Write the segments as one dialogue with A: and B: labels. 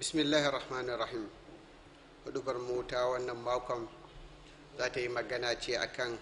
A: Bismillahi rahmanir rahim hudubar mota wannan makon za ta yi magana ce akan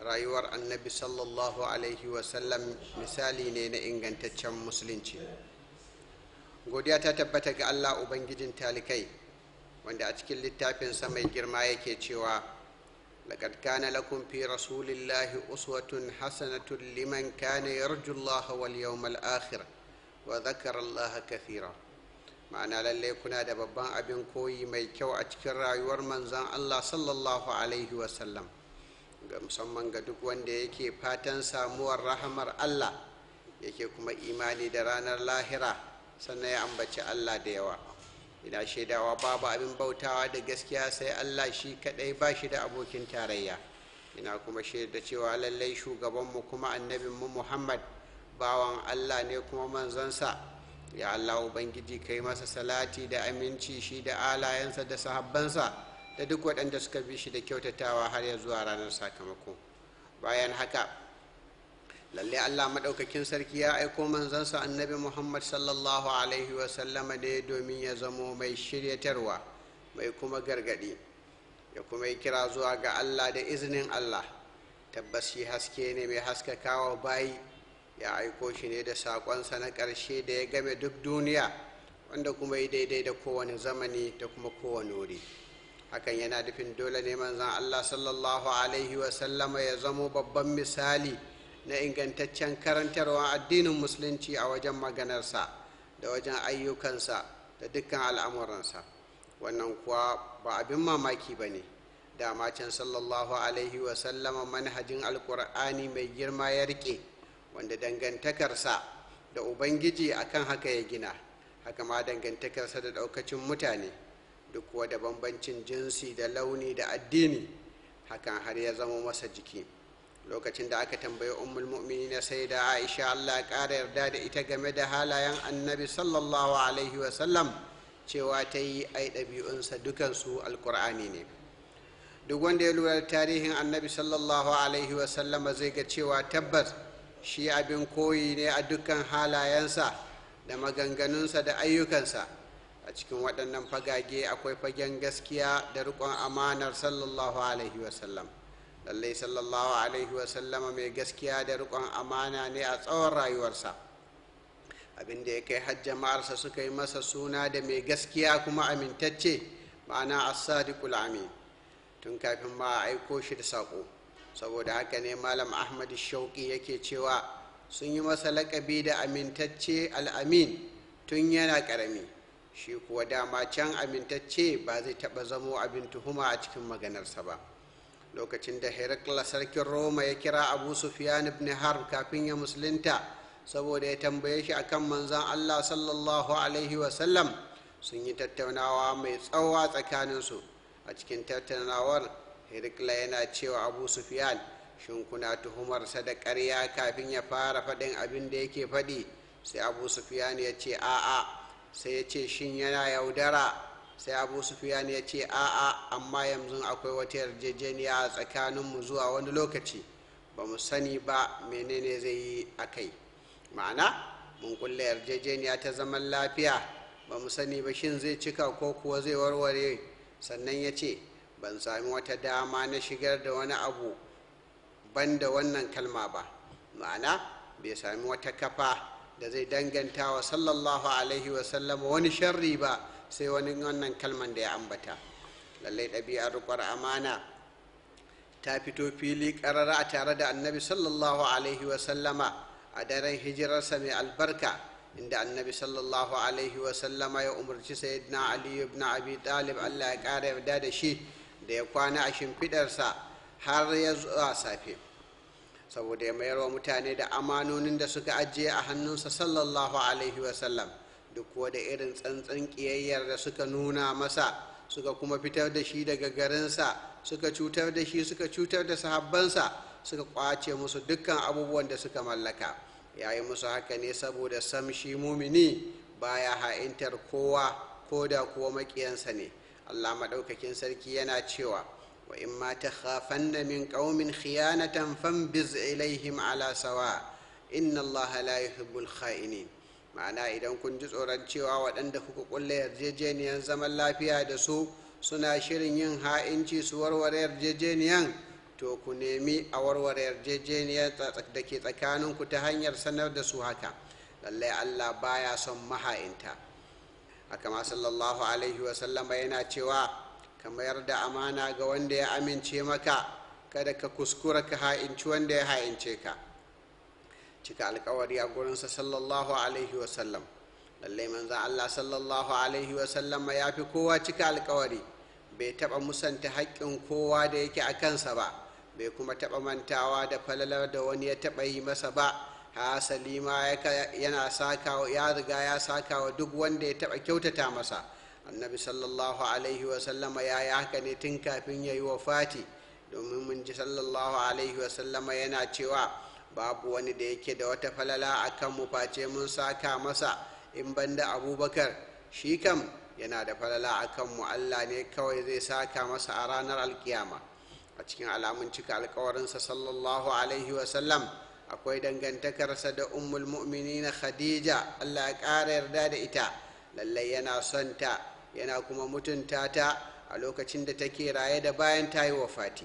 A: rayuwar annabi sallallahu alaihi wasallam misali ne na ingantaccen musulunci godiya ta tabbata ga allah ubangijin talikai wanda a cikin littafinsa mai girma yake cewa لقد كان لكم في رسول الله liman حسنة لمن كان يرجو الله واليوم الآخر وذكر الله كثيرا ma'ana lallai kuna da babban abin koyi mai kyau a cikin rayuwar manzan Allah sallallahu alaihi wasallam ga musamman ga duk wanda yake fatan samuwar rahamar Allah yake kuma imani da ranar lahira sannan ya ambaci Allah da yawa ina shaidawa babu abin bautawa da gaskiya sai Allah shi kadai ba shi da abokin tarayya ina kuma shaida cewa lallai shugabanmu kuma annabinmu Muhammad bawan Allah ne kuma manzansa ya Allah ubangiji kai masa salati da aminci shi da alayensa da sahabbansa da duk waɗanda suka bi shi da kyautatawa har ya zuwa ranar sakamako bayan haka lalle Allah maɗaukakin sarki ya aiko manzansa annabi Muhammad sallallahu alaihi wasallama ne domin ya zamo mai shiryatarwa mai kuma gargaɗi ya kuma yi kira zuwa ga Allah da izinin Allah tabbas shi haske ne mai haskakawa bayi ya aiko shi ne da saƙonsa na ƙarshe da ya game duk duniya wanda kuma yi daidai da kowane zamani da kuma kowane wuri hakan yana nufin dole ne manzan allah sallallahu alaihi wasallama ya zamo babban misali na ingantaccen karantarwa addinin musulunci a wajen maganarsa da wajen ayyukansa da dukkan al'amuransa wannan kuwa ba abin mamaki ba ne dama can sallallahu alaihi wasallama manhajin alkur'ani mai girma ya rike wanda dangantakarsa da ubangiji akan haka ya gina haka ma dangantakarsa da daukacin mutane duk kuwa da bambancin jinsi da launi da addini hakan har ya zama masa jiki lokacin da aka tambayi ummul na sai da aisha allah ƙara yarda da ita game da halayen annabi sallallahu alaihi wasallam cewa ta yi ai ɗabi'unsa dukansu alkur'ani ne duk wanda ya lura da tarihin annabi sallallahu alaihi wasallama zai ga cewa tabbas shi abin koyi ne a dukkan halayensa da maganganunsa da ayyukansa a cikin waɗannan fagage akwai fagen gaskiya da riƙon amanar sallallahu alaihi wasallam lallai sallallahu alaihi wasallama mai gaskiya da riƙon amana ne a tsawon rayuwarsa abin da ya kai har jama'arsa suka yi masa suna da mai gaskiya kuma amintacce ma'ana as-sadiqul amin tun kafin ma a aiko shi da saƙo saboda haka ne malam ahmad shauki yake cewa sun yi masa lakabi da amintacce al'amin tun yana karami shi kuwa dama can amintacce ba zai taɓa zamo abin tuhuma a cikin maganarsa ba lokacin da herakla sarkin roma ya kira abu sufyan ibn harb kafin ya musulunta saboda ya tambaye shi akan manzan allah sallallahu alaihi wasallam sun yi tattaunawa mai tsawa tsakaninsu a cikin tattaunawar hirkila yana cewa abu sufiyan shin kuna tuhumarsa da karya kafin ya fara faɗin abin da yake faɗi sai abu sufiyan ya ce a'a sai ya ce shin yana yaudara sai abu sufiyan ya ce a'a amma yanzu akwai wata yarjejeniya a tsakaninmu zuwa wani lokaci ba mu sani ba menene zai yi a kai ma'ana mun kulle yarjejeniya ta zaman lafiya ba mu sani ba shin zai cika ko kuwa zai warware sannan ya ce ban sami wata dama na shigar da wani abu ban da wannan kalma ba ma'ana bai sami wata kafa da zai danganta wa sallallahu alaihi sallama wani sharri ba sai wani wannan kalman da ya ambata lallai ɗabi'ar riƙon amana ta fito fili ƙarara a tare da annabi sallallahu alaihi wasallama a daren hijirarsa mai albarka inda annabi sallallahu alaihi wasallama ya umarci sayyidina ali ibn abi talib allah ya ƙara yarda da shi da ya kwana a shimfidarsa har ya zuwa safe saboda ya mayarwa mutane da amanonin da suka ajiye a hannunsa sallallahu alaihi wasallam duk kuwa da irin tsantsan kiyayyar da suka nuna masa suka kuma fitar da shi daga garinsa suka cutar da shi suka cutar da sahabbansa suka kwace musu dukkan abubuwan da suka mallaka ya yi musu haka ne saboda samshi mumini baya ha'intar kowa ko da kuwa makiyansa ne Allah maɗaukakin sarki yana cewa wa in ma ta na min ƙaumin khiyanatan biz ilaihim ala sawa inna Allah la yuhibbul ma'ana idan kun ji tsoron cewa waɗanda kuka kulle yarjejeniyan zaman lafiya da su suna shirin yin ha'inci su warware yarjejeniyan to ku nemi a warware yarjejeniyar da ke tsakaninku ta hanyar sanar da su haka lallai Allah baya son maha'inta a kama sallallahu alaihi wasallama yana cewa ka mayar da amana ga wanda ya amince maka kada ka kuskura ka ha'inci wanda ya ha'ince ka cika alkawari a gurinsa sallallahu alaihi wasallam lallai manzan allah sallallahu alaihi wasallama ya fi kowa cika alkawari bai taɓa musanta haƙƙin kowa da yake a kansa ba bai kuma taɓa mantawa da falalar da wani ya taɓa yi masa ba hasali ma yana sakawa ya riga ya sakawa duk wanda ya taba kyautata masa annabi sallallahu alaihi sallama ya yi haka ne tun kafin ya yi wafati domin mun ji sallallahu alaihi sallama yana cewa babu wani da yake da wata falala a kan mu face mun saka masa in banda abubakar shi kam yana da falala a kan mu allah ne kawai zai saka masa a ranar alkiyama a cikin alamun cika alkawarinsa sallallahu alaihi sallam akwai dangantakarsa da ummul na khadija allah ya ƙara yarda da ita lallai yana son ta yana kuma mutunta ta a lokacin da take raye da bayan ta yi fati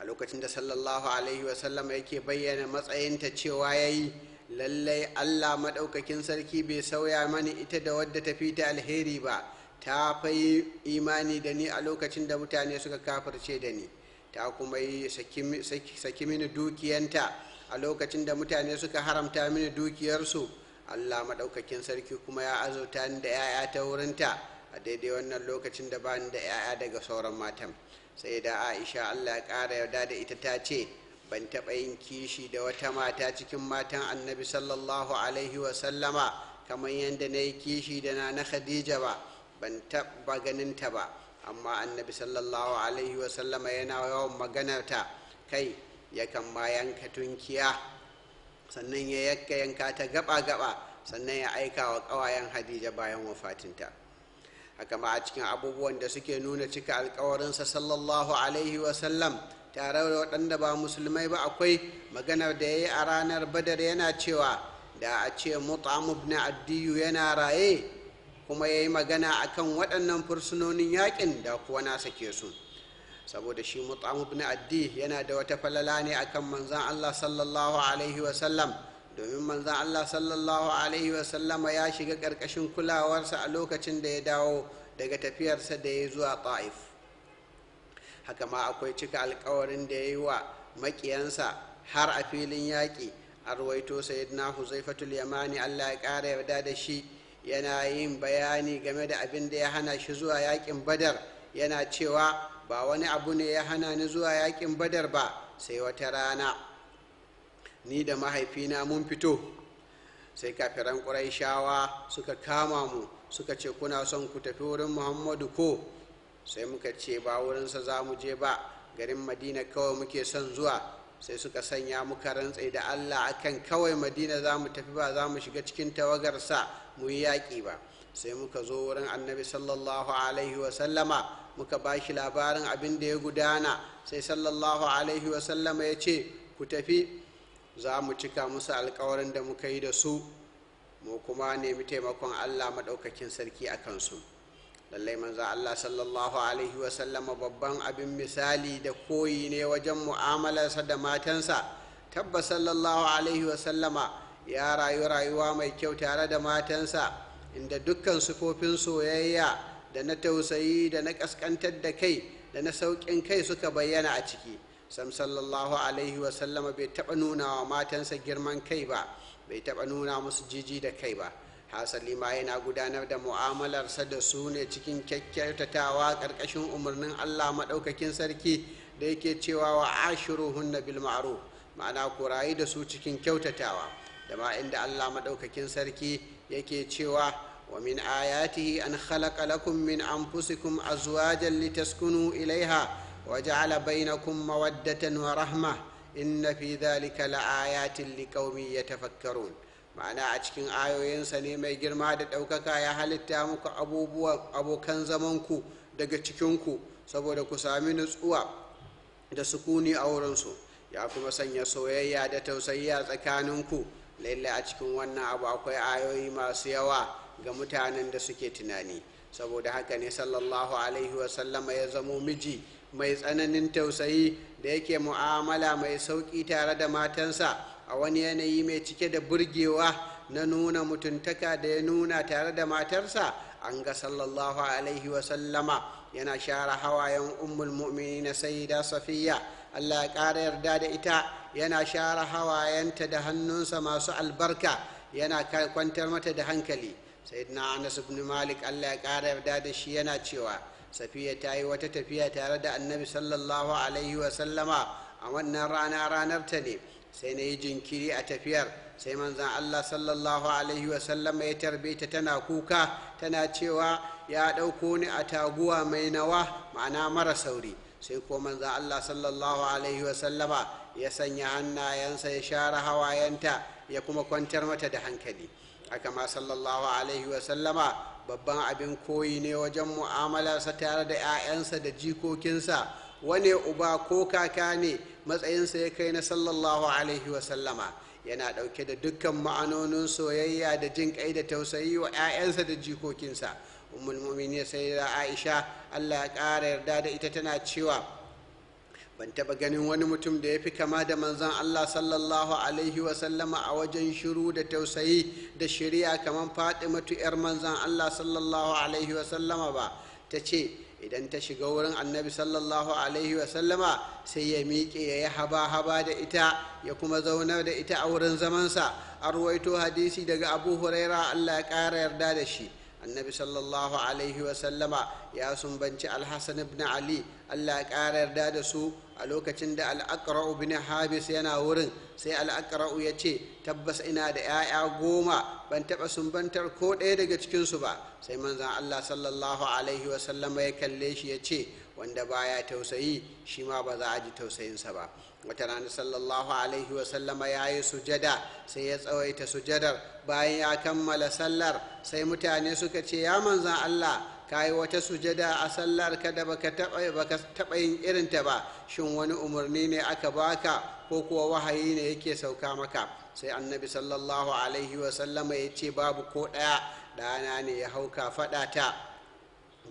A: a lokacin da sallallahu alaihi wasallam yake bayyana matsayinta cewa ya yi lallai allah maɗaukakin sarki bai sauya mani ita da wadda ta fita alheri ba ta fai imani da ni a lokacin da mutane suka kafirce da ni ta kuma yi saki mini dukiyanta a lokacin da mutane suka haramta mini dukiyarsu allah maɗaukakin sarki kuma ya azauta ni da 'ya'ya ta wurinta a daidai wannan lokacin da ba ni da 'ya'ya daga sauran matan sai da aisha allah ya ƙara yarda da ita ta ce ban taɓa yin kishi da wata mata cikin matan annabi sallallahu alaihi wasallama kamar yadda na yi kishi da na na khadija ba ban taɓa ganinta ba amma annabi sallallahu alaihi wasallama yana yawan maganarta kai yakan ma yanka tunkiya sannan ya yanka yanka ta gaba-gaba sannan ya aika wa ƙawayen hadija bayan wafatinta haka ma a cikin abubuwan da suke nuna cika alkawarinsa sallallahu alaihi wasallam tare da waɗanda ba musulmai ba akwai maganar da ya yi a ranar badar yana cewa da a ce mutam na addiyu yana raye kuma ya yi magana a kan waɗannan fursunonin yaƙin da kuwa nasa ke su saboda shi mut'am ibn addi yana da wata falala ne akan manzan Allah sallallahu alaihi wasallam domin manzan Allah sallallahu alaihi wasallama ya shiga ƙarƙashin kulawarsa a lokacin da ya dawo daga tafiyarsa da ya zuwa ta'if haka ma akwai cika alkawarin da ya yi wa maƙiyansa har a filin yaƙi a ruwaito sayyidina huzaifatul yamani Allah ya ƙara yarda da shi yana yin bayani game da abin da ya hana shi zuwa yakin badar yana cewa ba wani abu ne ya hana ni zuwa yakin badar ba sai wata rana ni da mahaifina mun fito sai kafiran shawa suka kama mu suka ce kuna son ku tafi wurin muhammadu ko sai muka ce ba wurinsa za mu je ba garin madina kawai muke son zuwa sai suka sanya muka rantse da allah akan kawai madina za mu tafi ba za mu shiga cikin tawagarsa mu yi yaƙi ba sai muka zo wurin annabi sallallahu alaihi wasallama muka ba shi labarin abin da ya gudana sai sallallahu alaihi wasallama ya ce ku tafi za mu cika musu alkawarin da muka yi da su mu kuma nemi taimakon allah maɗaukakin sarki a kansu lallai manzan Allah sallallahu alaihi sallama babban abin misali da koyi ne wajen mu'amalarsa da matansa tabbas sallallahu alaihi sallama ya rayu rayuwa mai kyau tare da matansa inda dukkan sufofin soyayya da na tausayi da na ƙasƙantar da kai da na sauƙin kai suka bayyana a ciki sam sallallahu alaihi sallama bai taɓa nuna wa matansa girman kai ba bai taɓa nuna musu jiji da kai ba hasali ma yana gudanar da mu'amalarsa da su ne cikin kyakkyautatawa ƙarƙashin umarnin allah maɗaukakin sarki da yake cewa wa ashiruhunna bil ma'ruf ma'ana ku rayu da su cikin kyautatawa da ma inda allah maɗaukakin sarki yake cewa wa min ayatihi an khalaqa lakum min anfusikum azwajan litaskunu ilaiha wa ja'ala bainakum mawaddatan wa rahma inna fi dhalika la'ayatin liqaumin yatafakkarun ma'ana a cikin ayoyinsa ne mai girma da ɗaukaka ya halitta muku abubuwan abokan zamanku daga cikinku saboda ku sami nutsuwa da sukuni a wurinsu ya kuma sanya soyayya da tausayi a tsakaninku lallai a cikin wannan abu akwai ayoyi masu yawa ga mutanen da suke tunani saboda haka ne sallallahu alaihi wasallama ya zamo miji mai tsananin tausayi da yake mu'amala mai sauki tare da matansa a wani yanayi mai cike da burgewa na nuna mutuntaka da ya nuna tare da matarsa an ga sallallahu alaihi sallama, yana share hawayen ummul na sayyida safiya allah ya ƙara yarda da ita yana share hawayenta da hannunsa masu albarka yana kwantar mata da hankali sayyidina anas ibn malik allah ya ƙara yarda da shi yana cewa safiya ta yi wata tafiya tare da annabi sallallahu alaihi sallama, a wannan rana ranar ta ne sai na yi jinkiri a tafiyar sai manzan allah sallallahu alaihi wasallam ya tarbe ta tana kuka tana cewa ya ɗauko ni a taguwa mai nawa ma'ana mara sauri sai ko manzan allah sallallahu alaihi wasallama ya sanya hannayensa ya share hawayenta ya kuma kwantar mata da hankali haka ma sallallahu alaihi wasallama babban abin koyi ne wajen mu'amalarsa tare da 'ya'yansa da jikokinsa wane uba ko kaka ne matsayinsa ya kai na sallallahu alaihi wasallama yana ɗauke da dukkan ma'anonin soyayya da jin kai da tausayi wa 'ya'yansa da jikokinsa ummul ya sai da aisha allah ya ƙara yarda da ita tana cewa ban taɓa ganin wani mutum da ya fi kama da manzan allah sallallahu alaihi wasallama a wajen shiru da tausayi da shirya kamar fatimatu 'yar manzan allah sallallahu alaihi wasallama ba ta ce idan ta shiga wurin annabi sallallahu alaihi wasallama sai ya miƙe ya yi haba-haba da ita ya kuma zauna da ita a wurin zamansa a ruwaito hadisi daga abu huraira allah ya ƙara yarda da shi annabi sallallahu alaihi wasallama ya sumbanci alhassan ibn ali allah ya ƙara yarda da su a lokacin da al'akra'u bin habis yana wurin sai al'akra'u ya ce tabbas ina da 'ya'ya goma ban taɓa sumbantar ko ɗaya daga cikinsu ba sai manzan allah sallallahu alaihi wasallama ya kalle shi ya ce wanda baya tausayi shi ma ba za a ji tausayinsa ba wata rana sallallahu alaihi wasallama ya yi sujada sai ya tsawaita sujadar bayan ya kammala sallar sai mutane suka ce ya manzan allah ka yi wata sujada a sallar ka da baka taɓa yin irinta ba shin wani umarni ne aka baka ko kuwa wahayi ne yake sauka maka sai annabi sallallahu alaihi wasallama ya ce babu ko ɗaya ɗana ne ya hauka ka faɗa ta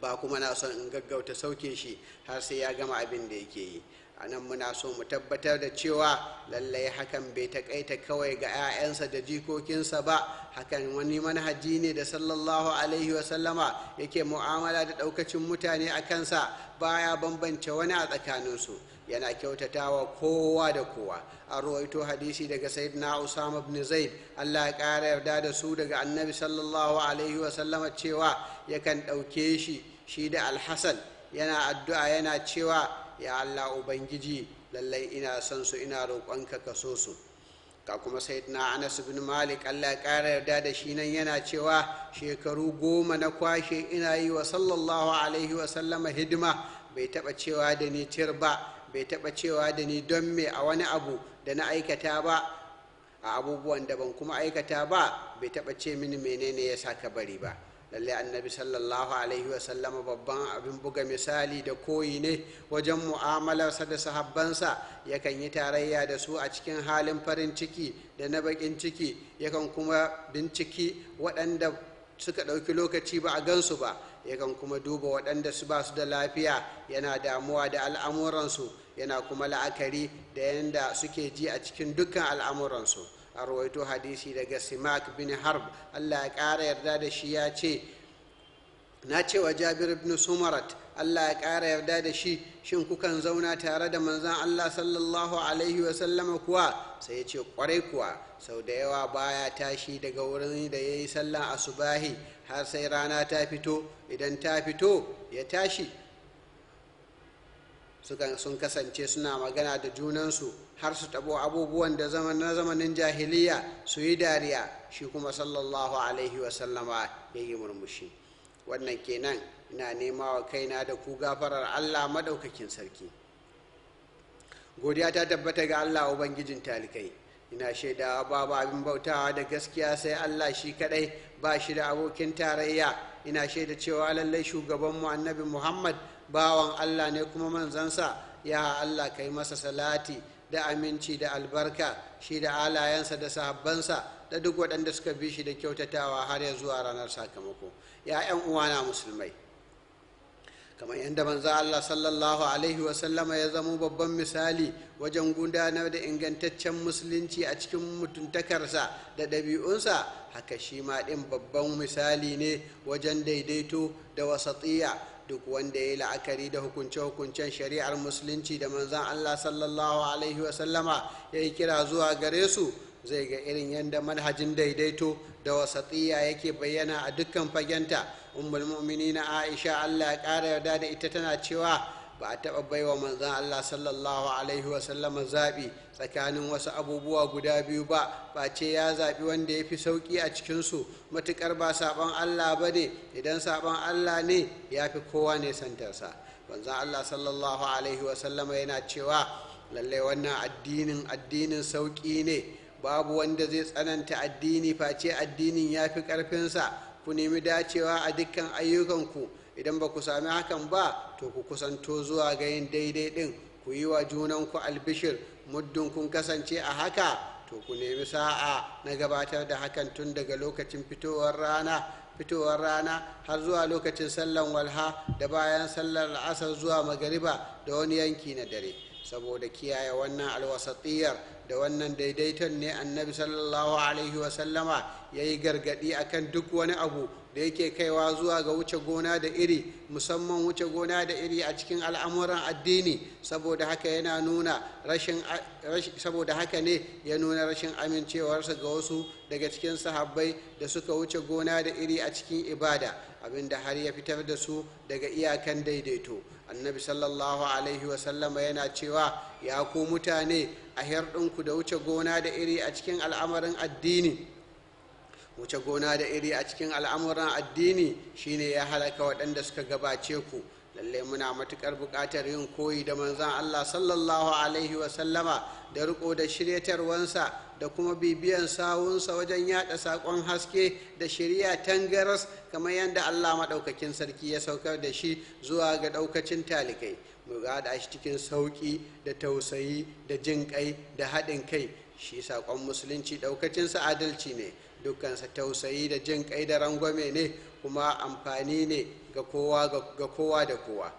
A: ba kuma na son in gaggauta sauke shi har sai ya gama abin da yake yi a nan muna so mu tabbatar da cewa lallai hakan bai takaita kawai ga 'ya'yansa da jikokinsa ba hakan wani manhaji ne da sallallahu alaihi wasallama yake mu'amala da ɗaukacin mutane a kansa ya bambance wani a tsakaninsu yana kyautatawa kowa da kowa a rawaito hadisi daga sayyidina usama ibn zaid Allah ya ƙara yarda da su daga annabi sallallahu alaihi wa sallama cewa yakan ɗauke shi shi da alhassan yana addu'a yana cewa ya Allah ubangiji lallai ina son su ina roƙonka ka so su ga kuma sayyidina anas bin malik allah ya ƙara yarda da shi nan yana cewa shekaru goma na kwashe ina yi wa sallallahu alaihi wa sallama hidima bai taɓa cewa da ni tir ba bai taɓa cewa da ni don me a wani abu da na aikata ba a abubuwan da ban kuma aikata ba bai taɓa ce mini menene ya sa ka bari ba lallai annabi sallallahu alaihi sallama, babban abin buga misali da koyi ne wajen mu'amalarsa da sahabbansa yakan yi tarayya da su a cikin halin farin ciki da na bakin ciki yakan kuma binciki waɗanda suka ɗauki lokaci ba a gansu ba yakan kuma duba waɗanda su ba su da lafiya yana damuwa da al'amuransu yana kuma la'akari da yadda suke ji a cikin dukkan al'amuransu a rawaito hadisi daga simak bin harb allah ya ƙara yarda da shi ya ce na cewa jabir ibn sumarat Allah ya ƙara yarda da shi shin kukan zauna tare da manzan Allah sallallahu alaihi wasallama kuwa sai ya ce ƙwarai kuwa sau da yawa baya tashi daga wurin da ya yi sallan asubahi har sai rana ta fito idan ta fito ya tashi sun kasance suna magana da junansu har su tabo abubuwan da na zamanin jahiliya su yi dariya shi kuma sallallahu alaihi wasallama ya yi murmushi wannan kenan ina nema wa kaina da ku gafarar allah madaukakin sarki godiya ta tabbata ga allah ubangijin talikai ina shaidawa babu abin bautawa da gaskiya sai allah shi kadai ba shi da abokin tarayya ina shaida cewa lallai shugabanmu annabi muhammad bawan allah ne kuma manzansa ya allah kai masa salati da aminci da albarka shi da alayensa da sahabbansa da duk waɗanda suka bi shi da kyautatawa har ya zuwa ranar sakamako ya 'yan uwana musulmai kamar yadda manzo Allah sallallahu alaihi wasallama ya zamo babban misali wajen gudanar da ingantaccen musulunci a cikin mutuntakarsa da ɗabi'unsa haka shi ma ɗin babban misali ne wajen daidaito da wasatsiya duk wanda ya yi la'akari da hukunce-hukuncen shari'ar musulunci da manzan Allah sallallahu alaihi wasallama ya yi kira zuwa gare su zai ga irin yadda manhajin daidaito da wasatsiya yake bayyana a dukkan fagenta Umar mu'mini na aisha allah ya ƙara yarda da ita tana cewa ba a taɓa baiwa manzan allah sallallahu alaihi wasallama zaɓi tsakanin wasu abubuwa guda biyu ba Ba ce ya zaɓi wanda ya fi sauƙi a cikinsu matuƙar ba saɓon allah ba ne idan saɓon allah ne ya fi kowa ne santarsa manzan allah sallallahu alaihi wasallama yana cewa lallai wannan addinin addinin sauƙi ne babu wanda zai tsananta addini face addinin ya fi ƙarfinsa ku nemi dacewa a dukkan ayyukanku idan ba ku sami hakan ba to ku kusanto zuwa ga yin daidai ɗin ku yi wa junanku albishir muddin kun kasance a haka to ku nemi sa'a na gabatar da hakan tun daga lokacin fitowar rana fitowar rana har zuwa lokacin sallan walha da bayan sallar asar zuwa magariba da wani yanki na dare saboda kiyaye wannan alwasatiyar da wannan daidaiton ne annabi sallallahu alaihi wasallama ya yi gargaɗi akan duk wani abu da yake kaiwa zuwa ga wuce gona da iri musamman wuce gona da iri a cikin al'amuran addini saboda haka yana nuna rashin saboda haka ne ya nuna rashin amincewarsa ga wasu daga cikin sahabbai da suka wuce gona da iri a cikin ibada abinda har ya fitar da su daga iyakan daidaito annabi sallallahu alaihi wasallama yana cewa ya ku mutane a hirɗinku da wuce gona da iri a cikin al'amarin addini wuce gona da iri a cikin al'amuran addini shine ya halaka waɗanda suka gabace ku lallai muna matuƙar buƙatar yin koyi da manzan Allah sallallahu alaihi sallama da riko da shiryatarwansa da kuma bibiyan sawunsa wajen yada sakon haske da shirya tangaras kamar yadda Allah maɗaukakin sarki ya saukar da shi zuwa ga ɗaukacin talikai mu gada shi cikin sauƙi da tausayi da jin ƙai da haɗin kai shi saƙon musulunci ɗaukacin adalci ne dukkansa tausayi da jin kai da rangwame ne kuma amfani ne ga kowa da kowa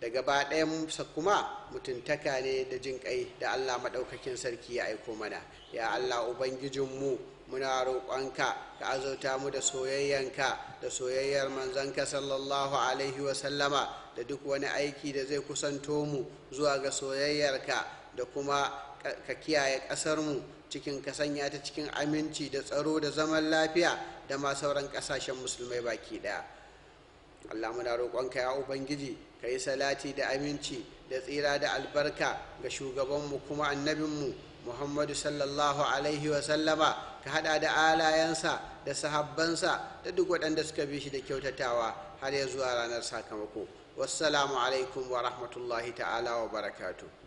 A: da gaba musa kuma mutuntaka ne da jin kai da allah maɗaukakin sarki ya aiko mana ya allah ubangijinmu muna roƙonka ka azauta mu da soyayyanka da soyayyar manzanka sallallahu alaihi wasallama da duk wani aiki da zai kusanto mu zuwa ga soyayyarka da kuma ka kiyaye ƙasarmu cikin kasanya ta cikin aminci da tsaro da zaman lafiya da ma sauran kasashen musulmai baki daya Allah muna roƙonka ya ubangiji ka yi salati da aminci da tsira da albarka ga shugabanmu kuma annabinmu muhammadu sallallahu alaihi wa sallama. ka hada da alayensa da sahabbansa da duk waɗanda suka bi shi da kyautatawa har ya zuwa ranar sakamako wassalamu alaikum wa rahmatullahi ta'ala wa barakatuh